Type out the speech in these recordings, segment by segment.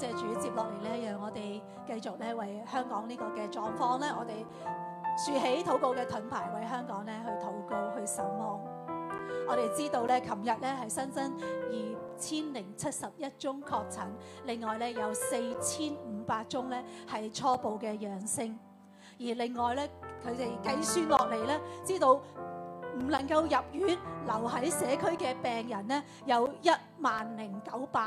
謝主接落嚟咧，讓我哋繼續咧為香港呢個嘅狀況咧，我哋豎起禱告嘅盾牌，為香港咧去禱告、去守望。我哋知道咧，琴日咧係新增二千零七十一宗確診，另外咧有四千五百宗咧係初步嘅陽性，而另外咧佢哋計算落嚟咧，知道唔能夠入院留喺社區嘅病人咧有一萬零九百。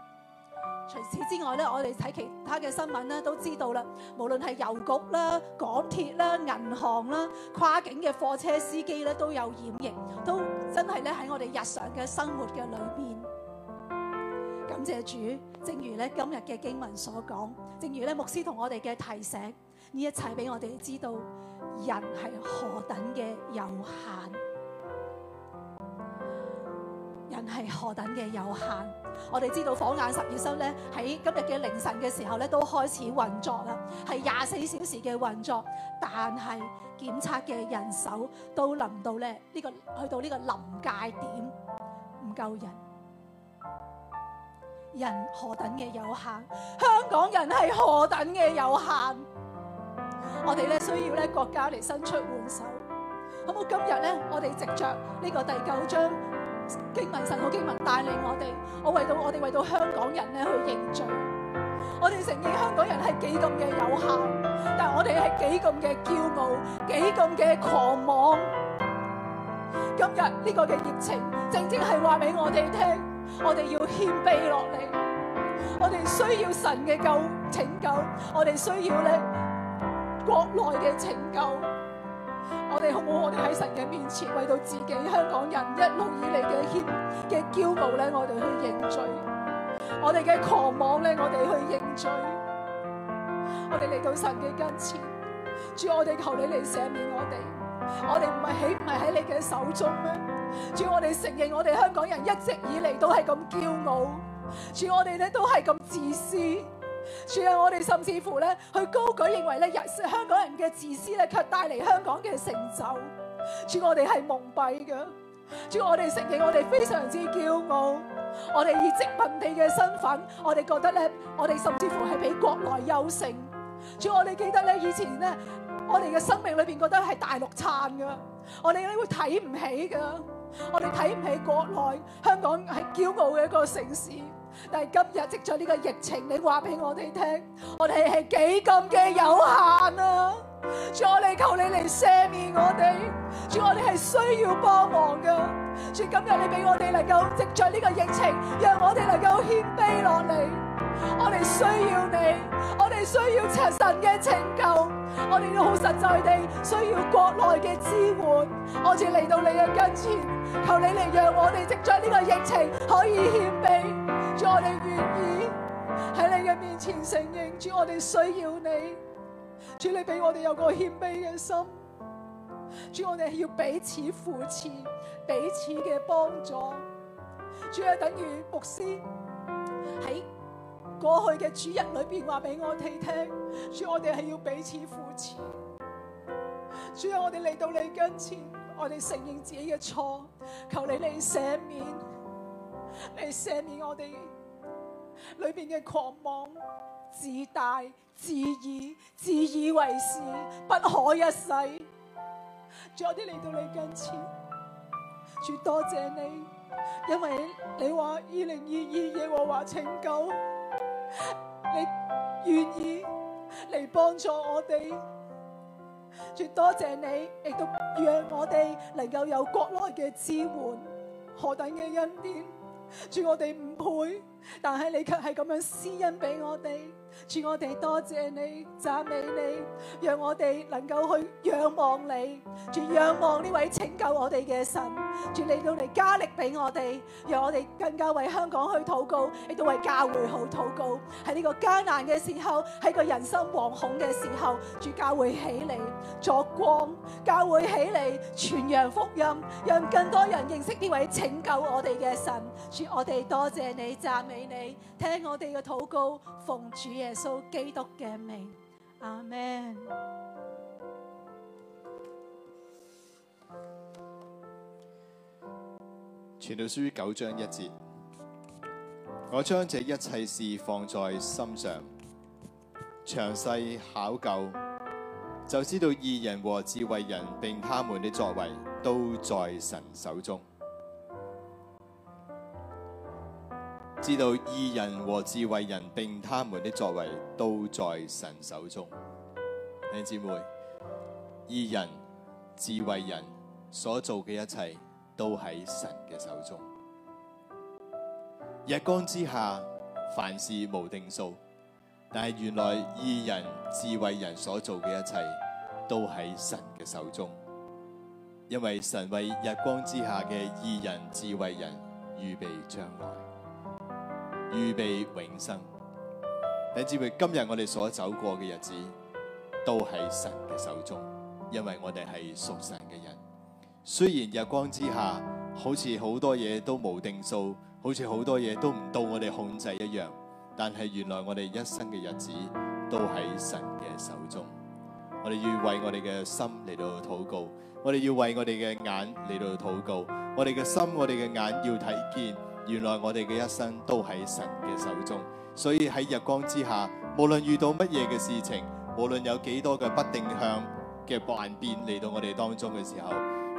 除此之外咧，我哋睇其他嘅新聞咧都知道啦，無論係郵局啦、港鐵啦、銀行啦、跨境嘅貨車司機咧，都有染疫，都真係咧喺我哋日常嘅生活嘅裏邊。感謝主，正如咧今日嘅經文所講，正如咧牧師同我哋嘅提醒，呢一切俾我哋知道，人係何等。係何等嘅有限。我哋知道，火眼實驗室咧喺今日嘅凌晨嘅時候咧都開始運作啦，係廿四小時嘅運作，但係檢測嘅人手都臨到咧呢、這個去到呢個臨界點，唔夠人，人何等嘅有限。香港人係何等嘅有限。我哋咧需要咧國家嚟伸出援手，好冇？今日咧我哋藉着呢個第九章，經文神，我經文帶領我哋，我為到我哋為到香港人咧去認罪，我哋承認香港人係幾咁嘅有限，但係我哋係幾咁嘅驕傲，幾咁嘅狂妄。今日呢個嘅疫情，正正係話俾我哋聽，我哋要謙卑落嚟，我哋需要神嘅救拯救，我哋需要咧國內嘅拯救。我哋好唔好？我哋喺神嘅面前為到自己香港人一路以嚟嘅欠嘅驕傲咧，我哋去認罪；我哋嘅狂妄咧，我哋去認罪。我哋嚟到神嘅跟前，主我哋求你嚟赦免我哋。我哋唔係豈唔係喺你嘅手中咩？主我哋承認我哋香港人一直以嚟都係咁驕傲，主我哋咧都係咁自私。仲有我哋甚至乎咧，去高舉認為咧，香港人嘅自私咧，卻帶嚟香港嘅成就。主要我哋係蒙蔽嘅，主要我哋承認我哋非常之驕傲，我哋以殖民地嘅身份，我哋覺得咧，我哋甚至乎係比國內優勝。主要我哋記得咧，以前咧，我哋嘅生命裏邊覺得係大陸撐嘅，我哋咧會睇唔起嘅，我哋睇唔起國內，香港係驕傲嘅一個城市。但係今日，藉著呢個疫情，你話俾我哋聽，我哋係幾咁嘅有限啊！主我哋求你嚟赦免我哋，主我哋係需要幫忙噶所以今日你俾我哋能夠藉著呢個疫情，讓我哋能夠謙卑落嚟。我哋需要你，我哋需要赤神嘅拯救，我哋都好實在地需要國內嘅支援，我哋嚟到你嘅跟前，求你嚟讓我哋藉着呢個疫情可以謙卑，主我哋願意喺你嘅面前承認，主我哋需要你，主你俾我哋有個謙卑嘅心，主我哋要彼此扶持，彼此嘅幫助，主啊，等于牧師喺。過去嘅主日裏邊話俾我哋聽，主我哋係要彼此扶持。主要我哋嚟到你跟前，我哋承認自己嘅錯，求你嚟赦免，嚟赦免我哋裏邊嘅狂妄、自大、自以、自以為是、不可一世。主，我哋嚟到你跟前，主多謝你，因為你話二零二二耶和華拯救。你願意嚟幫助我哋，主多謝你，亦都讓我哋能夠有國內嘅支援、何等嘅恩典，主我哋。會，但係你卻係咁樣施恩俾我哋，主我哋多謝你讚美你，讓我哋能夠去仰望你，主仰望呢位拯救我哋嘅神，主你到嚟加力俾我哋，讓我哋更加為香港去禱告，亦都為教會好禱告。喺呢個艱難嘅時候，喺個人生惶恐嘅時候，主教會起嚟作光，教會起嚟傳揚福音，讓更多人認識呢位拯救我哋嘅神。主我哋多謝。你讚美你，聽我哋嘅禱告，奉主耶穌基督嘅名，阿門。傳道書九章一節，我將這一切事放在心上，詳細考究，就知道義人和智慧人並他們的作為都在神手中。知道義人和智慧人並他們的作為都在神手中，弟兄姊妹，義人、智慧人所做嘅一切都喺神嘅手中。日光之下，凡事無定數，但係原來義人、智慧人所做嘅一切都喺神嘅手中，因為神為日光之下嘅義人、智慧人預備障礙。預備永生，你知唔知今日我哋所走過嘅日子，都喺神嘅手中，因為我哋係屬神嘅人。雖然日光之下，好似好多嘢都冇定數，好似好多嘢都唔到我哋控制一樣，但係原來我哋一生嘅日子都喺神嘅手中。我哋要為我哋嘅心嚟到禱告，我哋要為我哋嘅眼嚟到禱告，我哋嘅心、我哋嘅眼要睇見。原來我哋嘅一生都喺神嘅手中，所以喺日光之下，無論遇到乜嘢嘅事情，無論有幾多嘅不定向嘅萬變嚟到我哋當中嘅時候，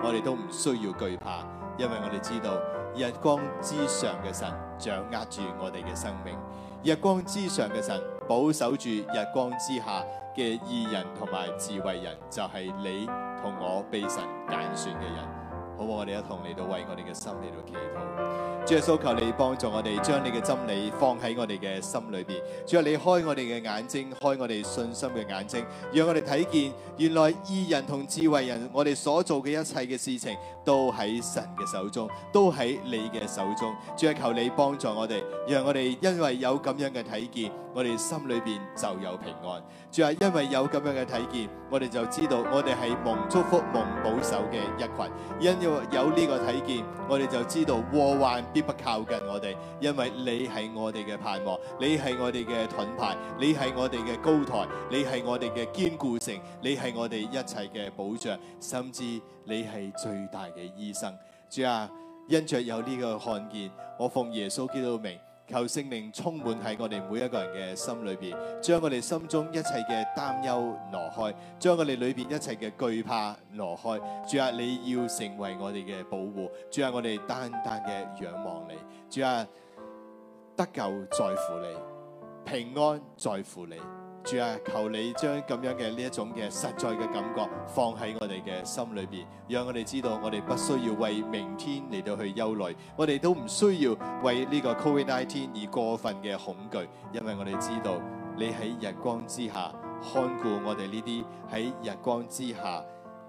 我哋都唔需要懼怕，因為我哋知道日光之上嘅神掌握住我哋嘅生命，日光之上嘅神保守住日光之下嘅義人同埋智慧人，就係、是、你同我被神揀選嘅人。我哋一同嚟到為我哋嘅心嚟到祈禱。主耶穌，求你幫助我哋，將你嘅真理放喺我哋嘅心裏邊。主啊，你開我哋嘅眼睛，開我哋信心嘅眼睛，讓我哋睇見原來義人同智慧人我哋所做嘅一切嘅事情，都喺神嘅手中，都喺你嘅手中。主啊，求你幫助我哋，讓我哋因為有咁樣嘅睇見，我哋心裏邊就有平安。主啊，因為有咁樣嘅睇見，我哋就知道我哋係蒙祝福、蒙保守嘅一群，因要。有呢個睇見，我哋就知道禍患必不靠近我哋，因為你係我哋嘅盼望，你係我哋嘅盾牌，你係我哋嘅高台，你係我哋嘅堅固城，你係我哋一切嘅保障，甚至你係最大嘅醫生。主啊，因着有呢個看見，我奉耶穌基督嘅求聖靈充滿喺我哋每一個人嘅心裏邊，將我哋心中一切嘅擔憂挪開，將我哋裏邊一切嘅懼怕挪開。主啊，你要成為我哋嘅保護。主啊，我哋單單嘅仰望你。主啊，得救在乎你，平安在乎你。主啊，求你將咁樣嘅呢一種嘅實在嘅感覺放喺我哋嘅心裏邊，讓我哋知道我哋不需要為明天嚟到去憂慮，我哋都唔需要為呢個 Covid 19而過分嘅恐懼，因為我哋知道你喺日光之下看顧我哋呢啲喺日光之下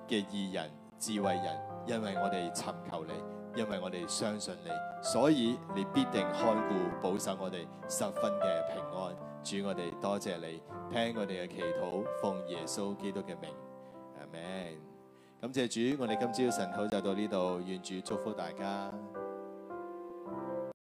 嘅義人、智慧人，因為我哋尋求你，因為我哋相信你，所以你必定看顧保守我哋十分嘅平安。主我哋多謝你聽我哋嘅祈禱，奉耶穌基督嘅名，阿門。感謝主，我哋今朝晨課就到呢度，願主祝福大家。